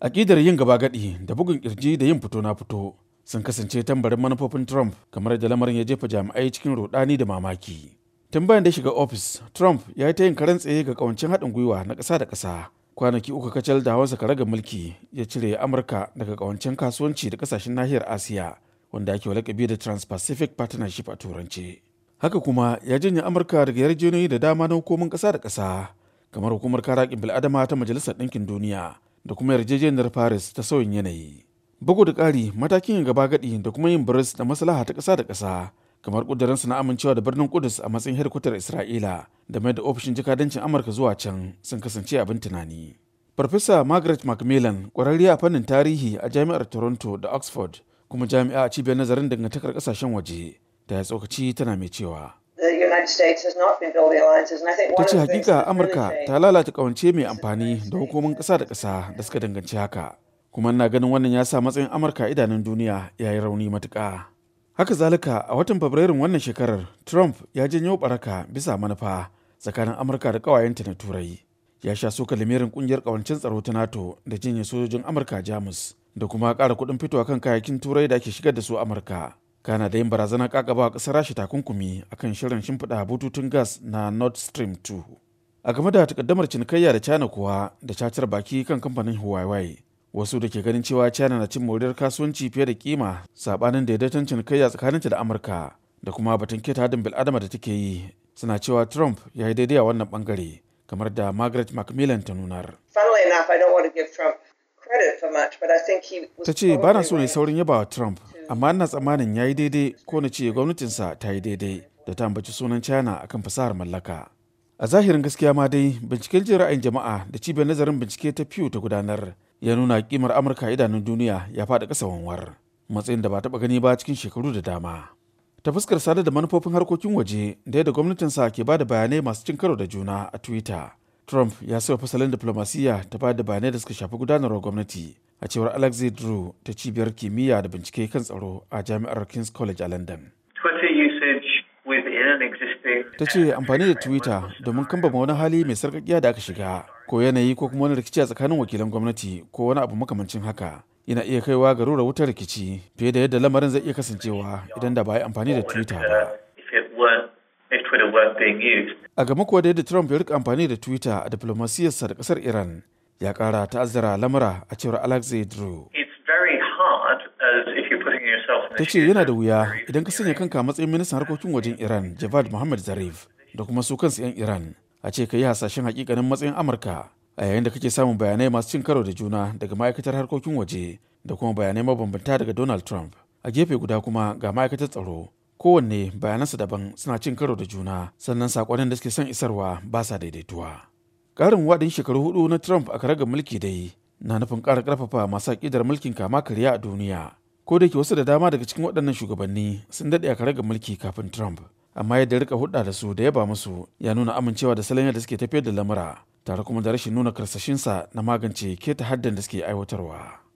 Aƙidar yin gaba gaɗi da bugun ƙirji da yin fito na fito sun kasance tambarin manufofin Trump kamar da lamarin ya jefa jami'ai cikin rudani da mamaki. Tun bayan da shiga ofis, Trump ya yi ta yin karen tsaye ga kawancin haɗin gwiwa na ƙasa da ƙasa. Kwanaki uku kacal da hawansa karagar mulki ya cire Amurka daga kawancin kasuwanci da ƙasashen nahiyar Asiya wanda ake walakabi da Trans-Pacific Partnership a Turance. Haka kuma ya janye Amurka daga yarjejeniyoyi da dama na hukumin ƙasa da kasa kamar hukumar kara bil'adama ta Majalisar Ɗinkin Duniya da kuma yarjejeniyar paris ta sauyin yanayi bugu da ƙari matakin gaba gaɗi, da kuma yin biris da maslaha ta ƙasa da ƙasa kamar su na amincewa da birnin kudus a matsayin hedkwatar isra'ila da mai da ofishin jikadancin amurka zuwa can sun kasance abin tunani farfesa margaret macmillan ƙwararriya a fannin tarihi a jami'ar toronto da oxford kuma jami'a a cibiyar nazarin dangantakar ƙasashen waje ta ya tsokaci tana mai cewa ta ce hakika amurka ta lalata kawance mai amfani da hukumomin ƙasa da ƙasa da suka danganci haka kuma na ganin wannan ya sa matsayin amurka idanun duniya ya yi rauni matuƙa haka zalika a watan fabrairun wannan shekarar trump ya janyo baraka bisa manufa tsakanin amurka da ƙawayenta na turai ya sha soka lamirin ƙungiyar ƙawancen tsaro ta nato da jinyar sojojin amurka jamus da kuma ƙara kuɗin fitowa kan kayayyakin turai da ake shigar da su amurka kana da yin barazana kakaba a kasar rasha takunkumi a kan shirin shimfiɗa bututun gas na nord stream 2 a game da takaddamar cinikayya da china kuwa da cacar baki kan kamfanin huawei wasu da ke ganin cewa china na cin moriyar kasuwanci fiye da kima sabanin daidaiton cinikayya tsakaninta da amurka da kuma batun keta hadin bil'adama da take yi suna cewa trump ya yi daidai a wannan bangare kamar da margaret macmillan ta nunar ta ce ba na so ne saurin yaba wa trump amma ina tsammanin ya yi daidai ko na ce gwamnatinsa ta yi daidai da ta ambaci sunan china akan fasahar mallaka a zahirin gaskiya ma dai binciken jin ra'ayin jama'a da cibiyar nazarin bincike ta pew ta gudanar ya nuna kimar amurka idanun duniya ya faɗi ƙasa wanwar matsayin da ba taɓa gani ba cikin shekaru da dama ta fuskar sadar da manufofin harkokin waje da yadda gwamnatinsa ke ba da bayanai masu cin karo da juna a twitter trump ya saba fasalin diflomasiyya ta ba da bayanai da suka shafi gudanarwar gwamnati a cewar alexei drew ta cibiyar kimiyya da bincike kan tsaro a jami'ar king's college a london ta ce amfani da twitter domin kambama wani hali mai sarkakiya da aka shiga ko yanayi ko kuma wani rikici a tsakanin wakilan gwamnati ko wani abu makamancin haka yana iya kaiwa ga rura wutar rikici fiye da yadda lamarin zai iya kasancewa idan da ba yi amfani da twitter ba a game kuwa da yadda trump ya rika amfani da twitter a diplomasiyarsa da kasar iran ya ta ta'azzara lamura a cewar alexei ta ce yana da wuya idan ka sanya kanka matsayin ministan harkokin wajen iran javad muhammad zarif da kuma su kansu 'yan iran a ce ka yi hasashen hakikanin matsayin amurka a yayin da kake samun bayanai masu cin karo da juna daga ma'aikatar harkokin waje da kuma bayanai mabambanta daga donald trump a gefe guda kuma ga ma'aikatar tsaro kowanne bayanansa daban suna cin karo da juna sannan saƙonin da suke son isarwa ba sa daidaituwa karin wadin shekaru hudu na Trump a karagar mulki dai na nufin ƙara karfafa masu aƙidar mulkin kama karya a duniya. Ko da wasu da dama daga cikin waɗannan shugabanni sun daɗe a karagar mulki kafin Trump. Amma yadda rika hudda da su da yaba musu ya nuna amincewa da salon yadda suke tafiyar da lamura tare kuma da rashin nuna karsashinsa na magance keta haddan da suke aiwatarwa.